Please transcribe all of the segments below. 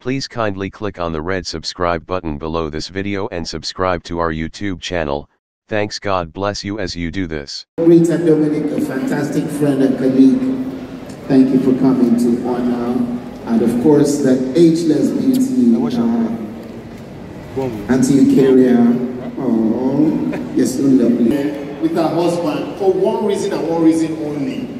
Please kindly click on the red subscribe button below this video and subscribe to our YouTube channel. Thanks God bless you as you do this. Rita Dominic, a fantastic friend and colleague. Thank you for coming to honor. And of course, the ageless beauty, uh, Auntie Eukaria. Oh, you so lovely. With her husband, for one reason and one reason only.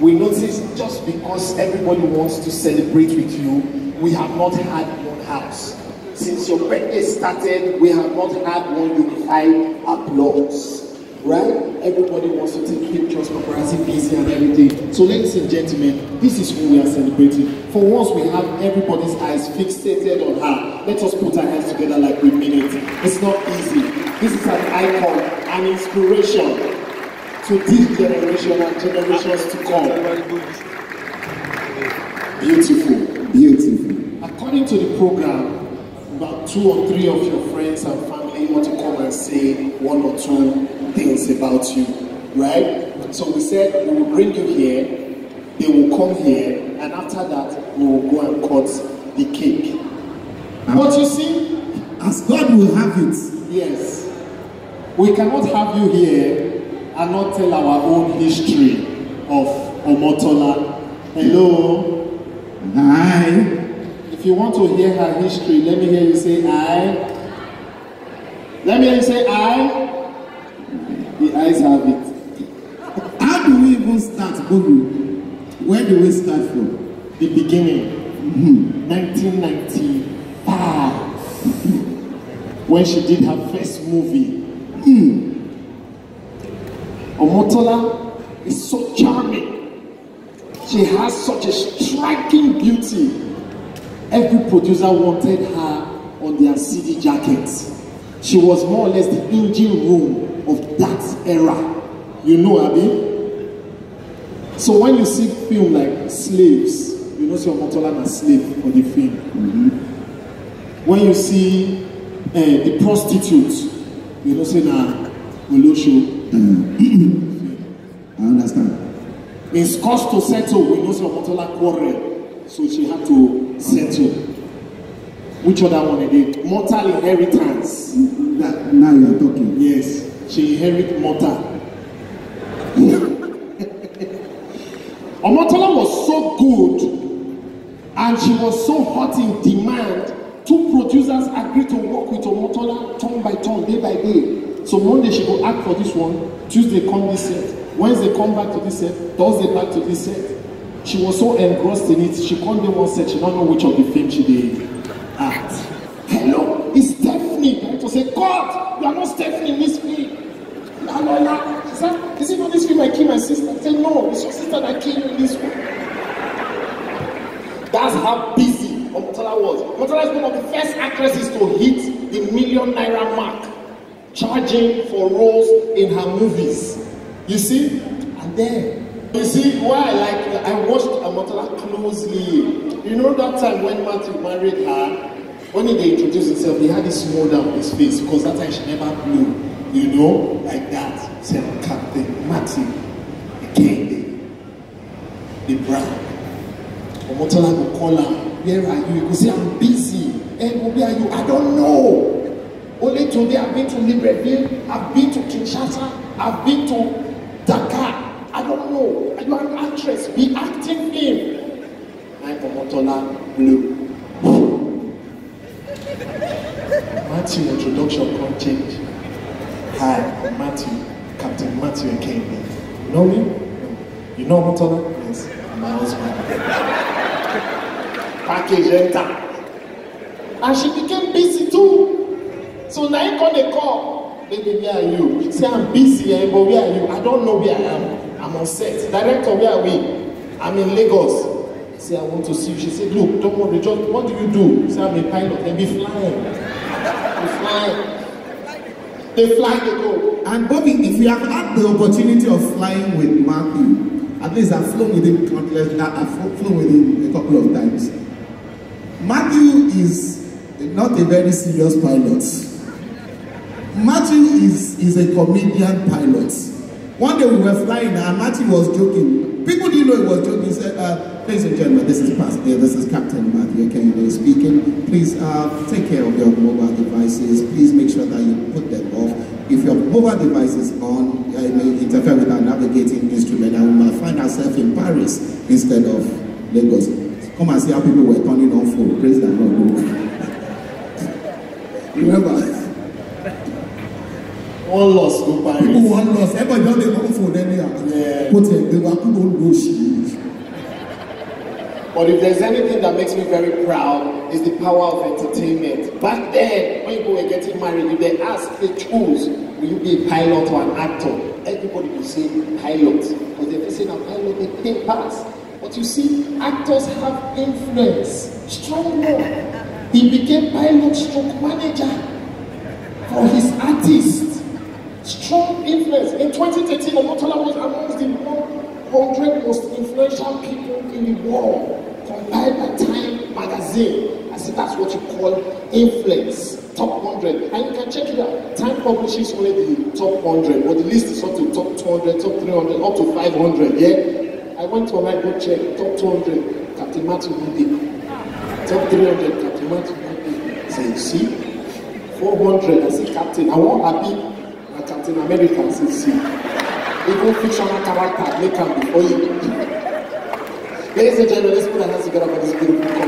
We notice just because everybody wants to celebrate with you, we have not had one house. Since your birthday started, we have not had one unified applause. Right? Everybody wants to take pictures, paparazzi, busy and everything. So ladies and gentlemen, this is who we are celebrating. For once we have everybody's eyes fixated on her. Let us put our hands together like we mean it. It's not easy. This is an icon, an inspiration to this generation and generations to come. Beautiful. Coming to the program, about two or three of your friends and family want to come and say one or two things about you, right? So we said we will bring you here, they will come here, and after that, we will go and cut the cake. Um, but you see, as God will have it. Yes. We cannot have you here and not tell our own history of Omotola. Hello. Hi. If you want to hear her history, let me hear you say I. Let me hear you say I. The eyes have it. How do we even start Google? Where do we start from? The beginning. Mm-hmm. 1995. when she did her first movie. Mm. Omotola is so charming. She has such a striking beauty. Every producer wanted her on their CD jackets. She was more or less the engine room of that era. You know, Abby? So when you see film like Slaves, you know Sir Motolan as slave for the film. Mm-hmm. When you see uh, the prostitute, you know say na Olosho. Mm-hmm. I understand. In Scotch to settle, we know Sir Motolan quarrel, so she had to settle. Which other one again? Mortal inheritance. That, now you are talking. Yes, she inherit mortal. Omotola was so good and she was so hot in demand two producers agreed to work with Omotola turn by turn, day by day. So Monday she go act for this one, Tuesday come this set, Wednesday come back to this set, Thursday back to this set she was so engrossed in it she called me one set she don't know which of the film she did. act ah, hello it's stephanie to say god you are not stephanie in me. film na na she say is it not this film i killed my sister i say no it's your sister that killed you in this film that's how busy omotala was omotala is one of the first actresses to hit the million naira mark charging for roles in her movies you see and then You see, why I like I watched Amotola closely. You know that time when Matthew married her, when he introduced himself, he had this small down his face because that time she never blew, you know, like that. Said Captain Matthew, again, the, the brand. Omotola go call her. where are you? He could say, I'm busy. Hey, eh, where are you? I don't know. Only today I've been to Libreville, I've been to Kinshasa, I've been to Dakar don't know. You are an actress. Be acting him. My Omotola Blue. Matthew introduction can't change. Hi, I'm Matthew, Captain Matthew Akemi. You know me? You know Omotola? Yes, I'm my husband. Package enter. And she became busy too. So now you call the call. Baby, where are you? Say, I'm busy, eh, but where are you? I don't know where I am. I'm on set. Director, where are we? I'm in Lagos. I say, I want to see you. She said, look, don't worry, just what do you do? say, I'm a pilot. They be flying. They fly. They fly, they go. And Bobby, if you have had the opportunity of flying with Matthew, at least I've flown with him countless, uh, I've flown with him a couple of times. Matthew is not a very serious pilot. Matthew is, is a comedian pilot. One day we were flying and Matthew was joking. People didn't know he was joking. He said, uh, ladies and gentlemen, this is Pastor, this is Captain Matthew Kenyon speaking. Please uh, take care of your mobile devices. Please make sure that you put them off. If your mobile device is on, it may interfere with our navigating instrument and we might find ourselves in Paris instead of Lagos. Come and see how people were turning on for Praise the Lord. Remember, wọ́n lọ sí ó parí. wọ́n lọ sí ẹgbẹ́ ìjọba ìkọ́ fún un lẹ́nu àgbẹ̀ kó tiẹ̀ gbé wa kúrò lóṣù. But if there's anything that makes me very proud, is the power of entertainment. Back then, when people were getting married, if they asked, they choose, will you be a pilot or an actor? Everybody will say pilot. Because if they say a pilot, they pay pass. But you see, actors have influence, strong one. He became pilot stroke manager for his artists shown influence. In 2013, Omotola was amongst the 100 most influential people in the world, combined by Time magazine. I said that's what you call influence. Top 100. And you can check it out. Time publishes only the top 100, but the list is up to top 200, top 300, up to 500. Yeah? I went to online, go check top 200, Captain Matthew Monday. Top 300, Captain Matthew Monday. So you see, 400, I said, Captain, I want happy. Captain America since you. Even fictional character before you. Ladies and gentlemen, let's put our hands together for this beautiful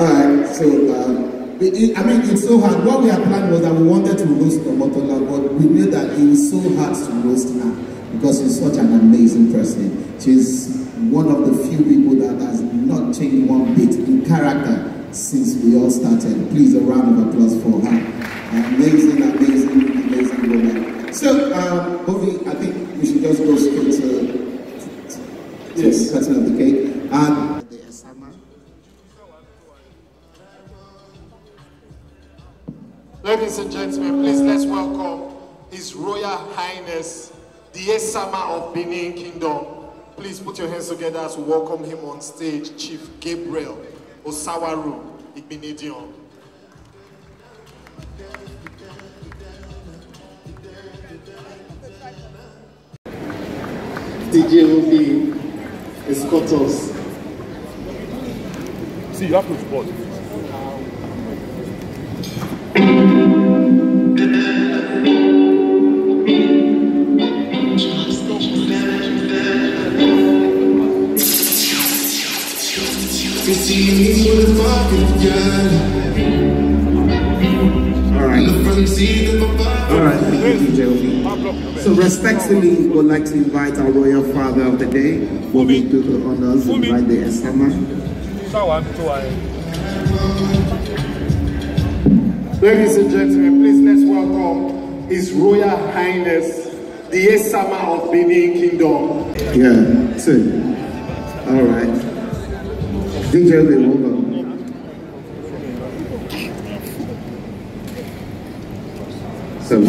Alright, so um, it, it, I mean, it's so hard. What we had planned was that we wanted to roast Omotola, but we knew that it was so hard to roast her because she's such an amazing person. She's one of the few people that has not changed one bit in character since we all started. Please, a round of applause for her. Amazing, amazing, amazing woman. So, uh, I think we should just go straight to, to yes. cutting of the cake. Um, Ladies and gentlemen, please let's welcome His Royal Highness, the Esama of Benin Kingdom. Please put your hands together as we welcome him on stage, Chief Gabriel Osawaru Igbinidion. DJ will be escort See, you have to support. See me with a fucking gun. So respectfully, we would like to invite our royal father of the day, who will do the honors and invite the Esama. Ladies and gentlemen, please let's welcome His Royal Highness, the Esama of Benin Kingdom. Yeah, two. All right. DJ, hold on. We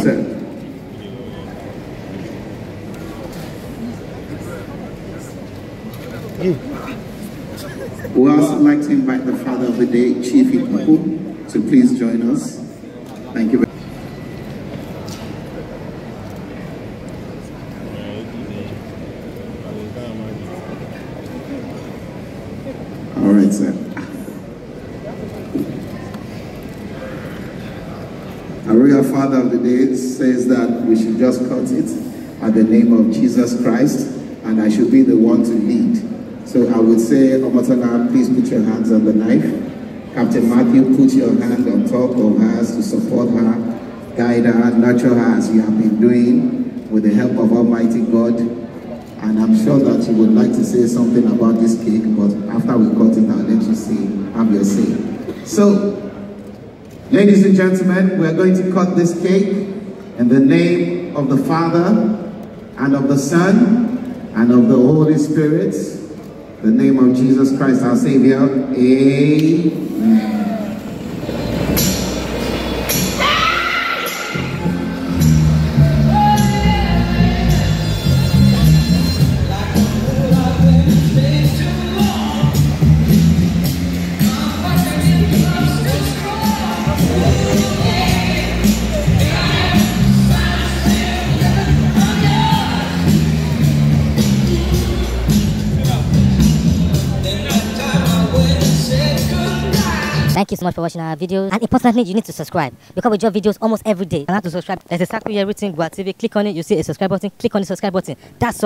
also like to invite the father of the day, Chief Ikuku, to please join us. Thank you very much. All right, sir. royal father of the day says that we should just cut it at the name of Jesus Christ and I should be the one to lead. So I would say, Omotana, please put your hands on the knife. Captain Matthew, put your hand on top of hers to support her, guide her, nurture her as you have been doing with the help of Almighty God. And I'm sure that you would like to say something about this cake, but after we cut it, I'll let you say, have your say. So Ladies and gentlemen, we are going to cut this cake in the name of the Father, and of the Son, and of the Holy Spirit, the name of Jesus Christ our Savior. Amen. you so much for watching our videos. And importantly, you need to subscribe because we drop videos almost every day. And how to subscribe? There's exactly everything. Google TV. Click on it. You see a subscribe button. Click on the subscribe button. That's all.